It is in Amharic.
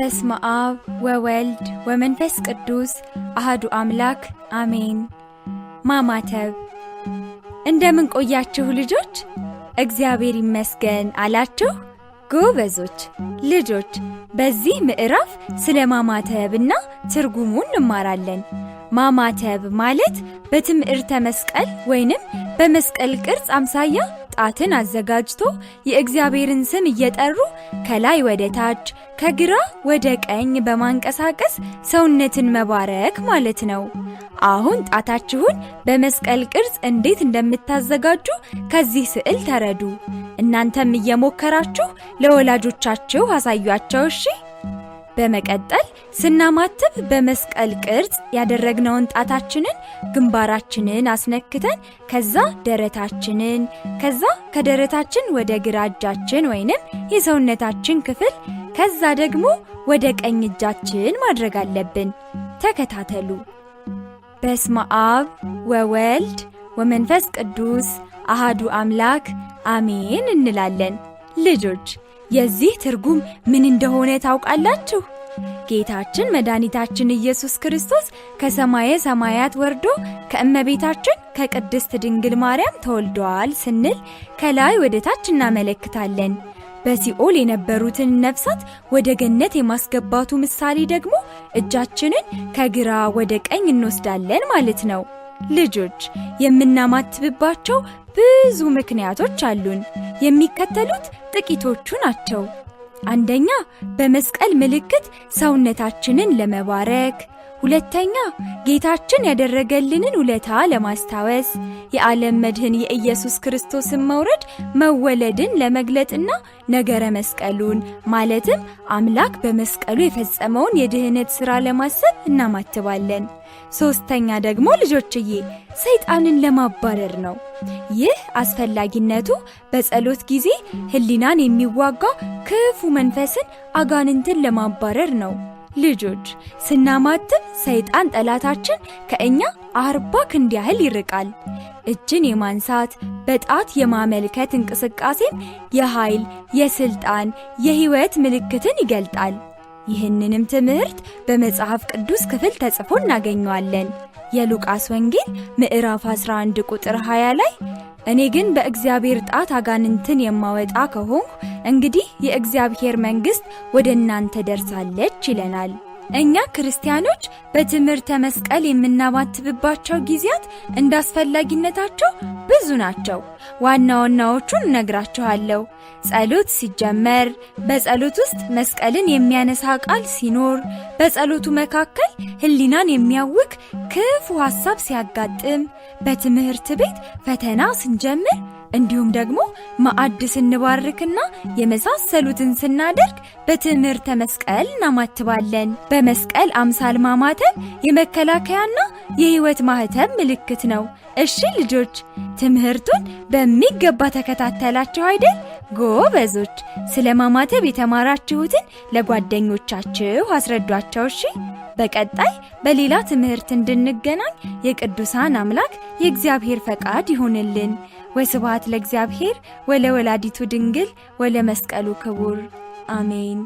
በስመ አብ ወወልድ ወመንፈስ ቅዱስ አህዱ አምላክ አሜን። ማማተብ እንደምን ቆያችሁ ልጆች? እግዚአብሔር ይመስገን አላችሁ? ጎበዞች ልጆች፣ በዚህ ምዕራፍ ስለ ማማተብና ትርጉሙ እንማራለን። ማማተብ ማለት በትምህርተ መስቀል ወይንም በመስቀል ቅርጽ አምሳያ ጣትን አዘጋጅቶ የእግዚአብሔርን ስም እየጠሩ ከላይ ወደ ታች ከግራ ወደ ቀኝ በማንቀሳቀስ ሰውነትን መባረክ ማለት ነው። አሁን ጣታችሁን በመስቀል ቅርጽ እንዴት እንደምታዘጋጁ ከዚህ ስዕል ተረዱ። እናንተም እየሞከራችሁ ለወላጆቻችሁ አሳያቸው እሺ። በመቀጠል ስናማትብ በመስቀል ቅርጽ ያደረግነውን ጣታችንን ግንባራችንን አስነክተን ከዛ ደረታችንን ከዛ ከደረታችን ወደ ግራ እጃችን ወይንም የሰውነታችን ክፍል ከዛ ደግሞ ወደ ቀኝ እጃችን ማድረግ አለብን። ተከታተሉ። በስመ አብ ወወልድ ወመንፈስ ቅዱስ አሃዱ አምላክ አሜን እንላለን። ልጆች የዚህ ትርጉም ምን እንደሆነ ታውቃላችሁ? ጌታችን መድኃኒታችን ኢየሱስ ክርስቶስ ከሰማየ ሰማያት ወርዶ ከእመቤታችን ከቅድስት ድንግል ማርያም ተወልደዋል ስንል ከላይ ወደ ታች እናመለክታለን። በሲኦል የነበሩትን ነፍሳት ወደ ገነት የማስገባቱ ምሳሌ ደግሞ እጃችንን ከግራ ወደ ቀኝ እንወስዳለን ማለት ነው። ልጆች የምናማትብባቸው ብዙ ምክንያቶች አሉን። የሚከተሉት ጥቂቶቹ ናቸው። አንደኛ በመስቀል ምልክት ሰውነታችንን ለመባረክ ሁለተኛ ጌታችን ያደረገልንን ውለታ ለማስታወስ የዓለም መድህን የኢየሱስ ክርስቶስን መውረድ መወለድን ለመግለጥና ነገረ መስቀሉን ማለትም አምላክ በመስቀሉ የፈጸመውን የድህነት ሥራ ለማሰብ እናማትባለን። ሦስተኛ ደግሞ ልጆችዬ ሰይጣንን ለማባረር ነው። ይህ አስፈላጊነቱ በጸሎት ጊዜ ሕሊናን የሚዋጋ ክፉ መንፈስን አጋንንትን ለማባረር ነው። ልጆች ስናማትብ ሰይጣን ጠላታችን ከእኛ አርባ ክንድ ያህል ይርቃል። እጅን የማንሳት በጣት የማመልከት እንቅስቃሴም የኃይል፣ የስልጣን፣ የህይወት ምልክትን ይገልጣል። ይህንንም ትምህርት በመጽሐፍ ቅዱስ ክፍል ተጽፎ እናገኘዋለን። የሉቃስ ወንጌል ምዕራፍ 11 ቁጥር 20 ላይ እኔ ግን በእግዚአብሔር ጣት አጋንንትን የማወጣ ከሆንሁ እንግዲህ የእግዚአብሔር መንግሥት ወደ እናንተ ደርሳለች ይለናል። እኛ ክርስቲያኖች በትምህርተ መስቀል የምናባትብባቸው ጊዜያት እንዳስፈላጊነታቸው ብዙ ናቸው። ዋና ዋናዎቹን እነግራችኋለሁ። ጸሎት ሲጀመር፣ በጸሎት ውስጥ መስቀልን የሚያነሳ ቃል ሲኖር፣ በጸሎቱ መካከል ህሊናን የሚያውክ ክፉ ሐሳብ ሲያጋጥም፣ በትምህርት ቤት ፈተና ስንጀምር፣ እንዲሁም ደግሞ ማዕድ ስንባርክና የመሳሰሉትን ስናደርግ በትምህርተ መስቀል እናማትባለን። በመስቀል አምሳል ማማተብ የመከላከያና የሕይወት ማህተብ ምልክት ነው። እሺ ልጆች ትምህርቱን በሚገባ ተከታተላችሁ አይደል? ጎበዞች! ስለ ማማተብ የተማራችሁትን ለጓደኞቻችሁ አስረዷቸው እሺ። በቀጣይ በሌላ ትምህርት እንድንገናኝ የቅዱሳን አምላክ የእግዚአብሔር ፈቃድ ይሁንልን። ወስብሐት ለእግዚአብሔር ወለወላዲቱ ድንግል ወለመስቀሉ ክቡር አሜን።